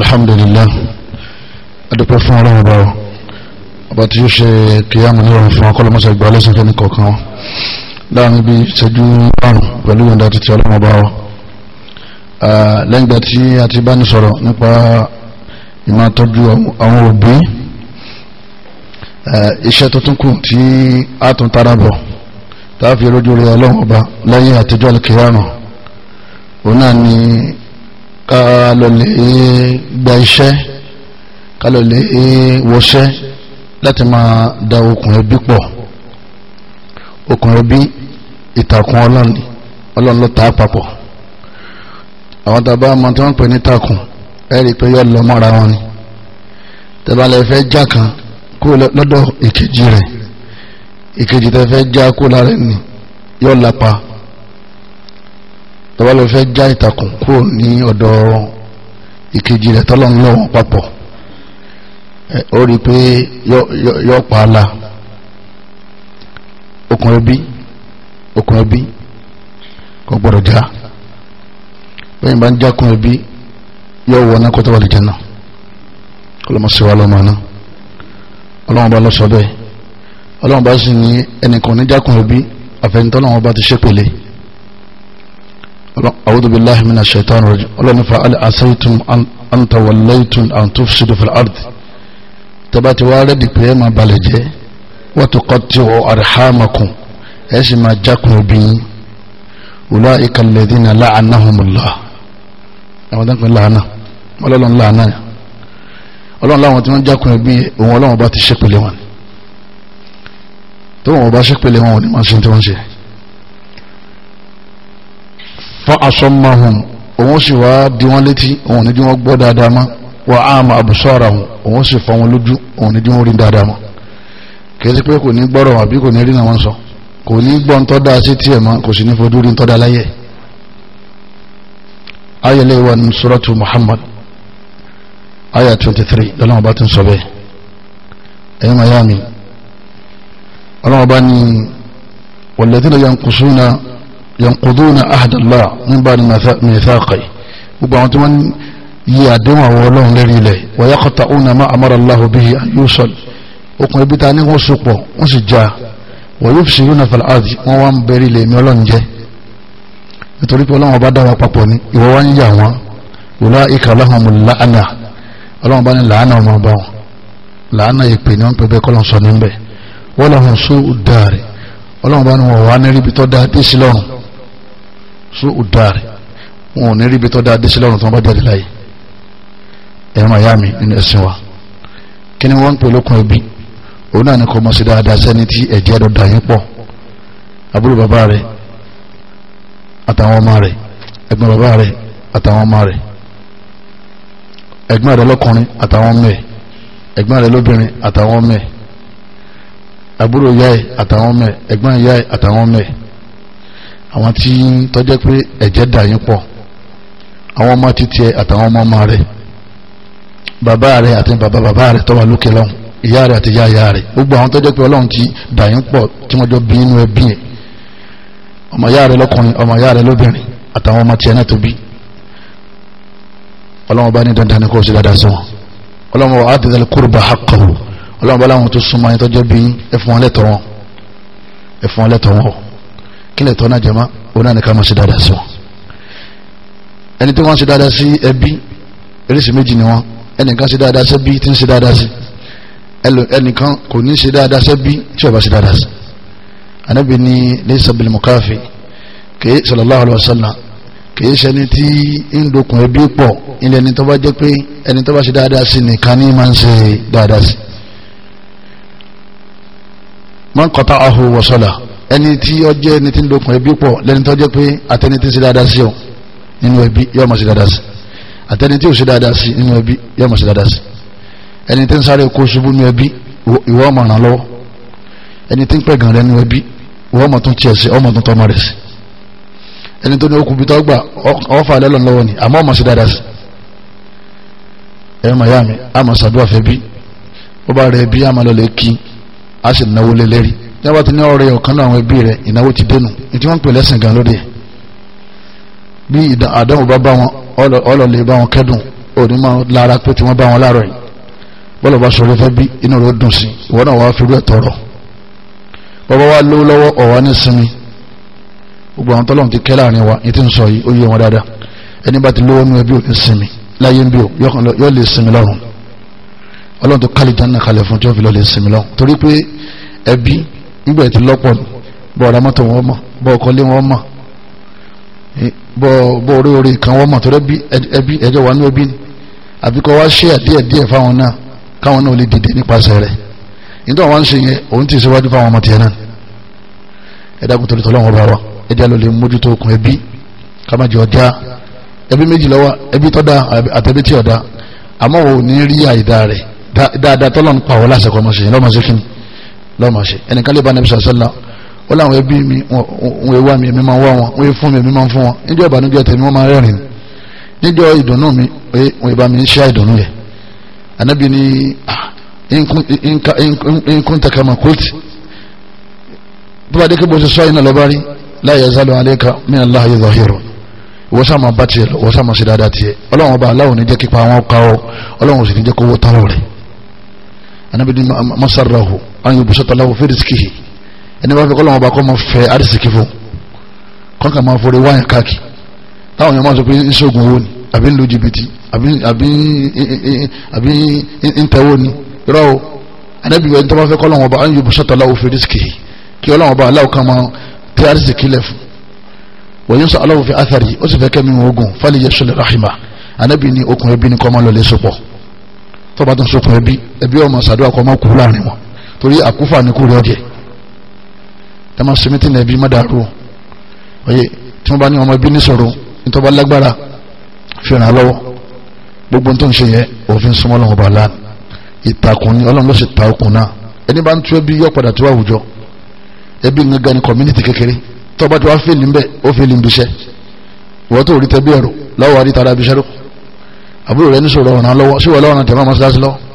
alhamdulillah adúpẹ́ fún ọlọ́run ọba ọ ọba tí yóò ṣe kìyàmù ní ọ̀run fún akọ́lọ́mọṣẹ́ ìgbà ọlọ́sìn fẹ́ni kọ̀ọ̀kan wọn láàrin bí ìṣẹ́jú márùn pẹ̀lú ìyọ̀ǹda títí ọlọ́run ọba ọ lẹ́yìn ìgbà tí a ti bá ní sọ̀rọ̀ nípa ìmáa tọ́jú àwọn òbí iṣẹ́ tó tún kù tí a tún tara bọ̀ tá fi rójú rẹ ọlọ́run ọba lẹ́yìn àtijọ́ ká lọ lè gba iṣẹ́ ká lọ lè wọṣẹ́ láti máa da okùn ẹbí pọ̀ okùn ẹbí ìtàkùn ọlọ́run ni ọlọ́run ló ta á papọ̀ àwọn tàbá ọmọ tí wọ́n pè ní takùn ẹ rí i pé yọ lọ mọ́ra wọn ni tẹ́bàlẹ̀ fẹ́ já kan kúrò lọ́dọ̀ ìkejì rẹ̀ ìkejì tẹ́ fẹ́ já kúrò lára ẹni yọ lápa tọ́wọ́ ló fẹ́ já ìtàkùn kúrò ní ọ̀dọ̀ ìkejì rẹ̀ tọ́lọ́ ń lọ́wọ́ papọ̀ ó rí i pé yọ pa á la okùn ẹbí okùn ẹbí kò gbọ́dọ̀ já bẹ́ẹ̀ bá ń jákùn ẹbí yọ wọ náà kótó wà lè jẹ náà kó lọ́mọ sí wa lọ́mọ náà ọlọ́wọ́n bá lọ sọ bẹ́ẹ̀ ọlọ́wọ́n bá sì ní ẹnìkan níjákùn ẹbí àfẹnitọ́ lọ́wọ́n bá ti ṣépele. أعوذ بالله من الشيطان الرجيم ولن فعل عسيتم أن توليتم أن تفسدوا في الأرض تبات والدك بيما بلجي وتقطعوا أرحامكم اسم جاكم بي أولئك الذين لعنهم الله أعوذ لعنة ولن لعنة ولن لعنة ولن جاكم بي ولن بات الشيخ بلوان تو wọn bá ṣe pẹ̀lẹ́ wọn ò ní máa ṣe tí fa asammahum òun sì wá di wọn létí òun ní di wọn gbọ́ dáadáa mọ́ wa ama absarahum òun sì fọ́ wọn lójú òun ní di wọn rí dáadáa mọ́ kèsì pé kò ní gbọ́rọ̀ àbí kò ní rí náà wọ́n sọ kò ní gbọ́ ntọ́da sí tiẹ̀ mọ́ kò sì ní fojú rí ntọ́da láyé ayẹlẹ́ wa ní suratu Muhammad aya 23 lọ́lọ́wọ́ bá ti ń sọ bẹ́ẹ̀ ẹ̀yìn yankuduna ahadallah min ba'di mithaqi gbogbo àwọn tí wọ́n yí àdéhùn àwọn ọlọ́run lérí ilẹ̀ wa yaqta'una ma amara Allahu bihi an yusal okùn ibi ta ní wọ́n sopọ̀ wọ́n sì já wa yufsiduna fil ardi wọ́n wá ń bẹ̀rí ilẹ̀ mi ọlọ́run jẹ́ nítorí pé ọlọ́run ọba dára papọ̀ ni ìwọ́ wá ń yà wọ́n ulaika lahumul ọlọ́run bá ní ọlọ́run bá ní wọ́n wá sún ọ̀dàrẹ̀ wọn ò ní ríbi tó dáadé sí lọ́rùn tó bá jáde láyé ẹ̀rọ àyà mi nínú ẹ̀sìn wa kí ni wọ́n ń pè lókun ẹbí òun náà ni kò mọ̀ sí dáadáa sẹ́ni tí ẹ̀jẹ̀ dọ̀dà yín pọ̀ àbúrò bàbá rẹ̀ àtàwọn ọmọ rẹ̀ ẹ̀gbọ́n bàbá rẹ̀ àtàwọn ọmọ rẹ̀ ẹ̀gbọ́n rẹ̀ lọ́kùnrin àtàwọn ọmọ ẹ̀ ẹ̀gbọ́n rẹ̀ lóbìnrin àtàwọn ọmọ ẹ̀ àbúrò ìyá àtàwọn ọmọ ẹ̀ ẹ̀gbọ́n ìyá àtàwọn ọmọ ẹ̀ àwọn tí tọ́jẹ́ pé ẹ̀jẹ̀ dà yín pọ̀ àwọn ọmọ títí ẹ àtàwọn ọmọ ọmọ rẹ bàbá rẹ àti bàbá bàbá rẹ tó wà lókè lọ́hùn ìyá rẹ àti ìyá ìyá rẹ gbogbo àwọn tọ́jẹ́ pé ọlọ́run ti dà yín pọ̀ tí wọ́n jọ bí inú ẹbí yẹn ọmọ ìyá rẹ lọ́kùnrin ọmọ ìyá rẹ lóbìnrin àtàwọn ọmọ tiẹ̀ náà tó bí ọlọ́run bá ní dandan ní kò sí dáadáa sọ ọlọ́run bá láwọn tó súnmọ́ ẹni tọ́jẹ́ bí ẹfun ọlẹ́tọ̀ wọn ẹfun ọlẹ́tọ̀ wọn kílẹ̀ tọ́ náà jẹ́má oná ní ká máa ṣe dáadáa sí wọn ẹni tí wọ́n ṣe dáadáa sí ẹbí eréṣì méjì ni wọ́n ẹnìkan ṣe dáadáa sẹ́bí tí ń ṣe dáadáa sí ẹnìkan kò ní ṣe dáadáa sẹ́bí tí ó bá ṣe dáadáa sí anabi ni laysa bil mukafi kìí sallallahu alayhi wa sallam kìí ṣẹni tí ń dokùn ẹbí pọ̀ ilẹ̀ ẹni tó bá jẹ́ pé ẹni tó bá ṣe dáadáa sí nìkan ní máa ń ṣe dáadáa sí man qata'ahu wa salahu ẹni tí ó jẹ́ ẹni tí ń dokùn ẹbí pọ̀ lẹ́ni tó jẹ́ pé àtẹni tí ń ṣe dáadáa sí ọ nínú ẹbí yóò máa ṣe dáadáa sí àtẹni tí ò ṣe dáadáa sí nínú ẹbí yóò máa ṣe dáadáa sí ẹni tí ń sáré kó ṣubú nínú ẹbí ìwọ ọmọ ràn lọ́wọ́ ẹni tí ń pẹ̀gàn rẹ nínú ẹbí ìwọ ọmọ tún tiẹ̀ sí ọmọ tún tọmọ rẹ̀ sí ẹni tó ní okùn bíi tọ́gbà ọ̀fà lẹ́lọ́ lọ́wọ́ ni àmọ́ ọmọ ṣe dáadáa sí ẹ tí wọ́n ti ní ọ̀rẹ́ ọ̀kan náà àwọn ẹbí rẹ̀ ìnáwó ti dénú tí wọ́n ń pè lẹ́sìn gan lóde bí àdánwò bá bá wọn ọlọ́lẹ̀ bá wọn kẹ́dùn òní máa lára pé tí wọ́n bá wọn láàárọ̀ yìí bọ́lọ̀ bá sọ̀rọ̀ fẹ́ bí inú rẹ̀ ó dùn sí ìwọ náà wàá firú ẹ̀ tọrọ bàbá wa lówó lọ́wọ́ ọ̀wá ní sinmi gbogbo àwọn tọ́lọ́run ti kẹ́ láàrin wa ní ń sọ yìí ó yé wọn dáadáa ẹni bá ti lówó nú ẹbí ò sinmi láyé ń bí ò yọ lè sinmi lọ́rùn ọlọ́run tó kálí jẹ́ ń nà fún tí wọ́n fi lọ lè sinmi lọ́rùn torí pé ẹbí nígbà tí lọ́pọ̀ nù bọ́ ọ̀rá mọ́tò wọn mọ̀ bọ́ ọkọlé wọn mọ̀ eh, bọ́ orí orí kan wọn mọ̀ tọ́lẹ́ ẹbí ẹjọ́ wa ní ẹbí ni àbí kọ́ wá ṣe díẹ̀ díẹ̀ fáwọn náà káwọn náà lè dìde nípasẹ̀ rẹ̀ nígbà wọn ṣe yẹn òun ti ṣèwádìí fáwọn ọmọ tiẹ̀ náà ẹ̀dá kò tolítọ́ lọ́wọ́ bá wa ẹ̀dá ló lè mójútó okùn ẹbí kámájọ ọjà ẹbí méjì lọ́wọ́ ẹbí tọ́da àtẹ̀bí tí ọ̀dà àmọ́ òun ní rí àìdá rẹ̀ dáadáa tọ́lọ́n pa ọ́ lásìkò ọmọ ṣèyìn lọ́mọ lọ́mọ ṣe ẹnìkan lè bá anabi sàṣẹ́lá ó láwọn ẹbí mi wọ́n wá mi èmi máa wá wọn wọ́n fún mi èmi máa fún wọn níjọ́ ìbànújẹ́ tèmi wọ́n máa rẹ́rìn níjọ́ ìdùnnú mi pé wọ́n ìbá mi ń ṣe ìdùnnú yẹ anabi ah, ni nkún takama kulti bí wàá dékè bó ṣe sọ yìí náà lọ́ba rí láyé yazalu aleka min allah yìí zahiru wọ́n sá máa bá tiẹ̀ lọ wọ́n sá máa ṣe dáadáa tiẹ̀ ọlọ́run ọba aláwọ̀ ní jẹ́ kípa àwọn ká ọ sì ní jẹ́ kówó táwọn rẹ̀ anabi masarahu an yubsita lahu fi rizqihi ẹni bá fẹ́ kọ́ lọ́wọ́ bá kọ́ máa fẹ́ àrísìkì fún kọ́ńkà máa forí wáyà káàkiri táwọn èèyàn máa sọ pé ń ṣoògùn owó ni àbí ń lo jìbìtì àbí àbí àbí ń tẹ̀wó ni irọ́ o ẹnẹ́bí ẹni tó bá fẹ́ kọ́ lọ́wọ́ bá an yubsita lahu fi rizqihi kí ọlọ́wọ́ bá aláwọ̀ kan máa tẹ àrísìkì lẹ̀ fún wọ́n yẹn sọ aláwọ̀ fi àtàrí ó sì fẹ́ kẹ́mi ogun fálẹ̀ yẹ sọlẹ̀ rahima ànábì ni okùn ẹbí ni kọ́ máa lọ lé sopọ̀ tó bá tún sokùn ẹbí ẹbí ọmọ sàdúrà kọ́ máa kú láàrin torí àkúfà ní kú rẹ ọdẹ ẹ máa ṣe mítìnà ẹbí má dàrú ọyẹ tí wọn bá ní ọmọ ẹbí ní sọ̀rọ̀ nítorí bá lágbára fìràn lọ́wọ́ gbogbo tó ń ṣe yẹ òfin súnmọ́ lọ́wọ́ bá ìtàkùn ni Ọlọ́run ló sì ta okùn náà ẹni bá ń tú ẹbí yọ padà tó àwùjọ ẹbí gangan ni community kékeré tó bá tó wá fèlì ńbẹ ó fèlì ń bíṣẹ ìwọ tó rí tẹbí ẹrù lọ́wọ́ àdìtara bíṣẹ rẹ àbúrò rẹ ní sọ̀rọ̀ ọ̀nà lọ́wọ́ síwọ lọ́wọ́ náà tẹ̀ máa mọ́ síláṣí lọ́wọ́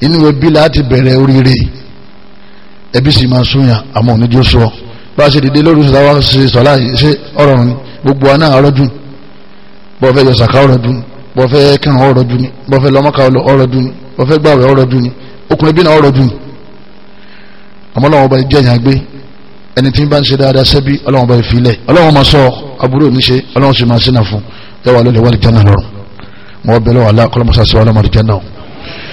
inú ẹbí láti bẹ̀rẹ̀ oríire ẹbí sì máa súnyà àmọ́ oníjó sọ bá a ṣe dìde lórí ìṣòwò ṣe sọ̀lá ṣe ọ̀rọ̀ ni gbogbo wa náà ọ̀rọ̀ dùn bọ́ fẹ́ yọ̀sàká ọ̀rọ̀ dùn bọ́ fẹ́ kírun ọ̀rọ̀ dùn ni bọ́ fẹ́ lọ́mọ́ka ọ̀rọ̀ dùn ni bọ́ fẹ́ gbàwẹ̀ ọ̀rọ̀ dùn ni okùn ẹbí náà ọ̀rọ̀ dùn àmọ́ ọlọ́wọ́n bá ń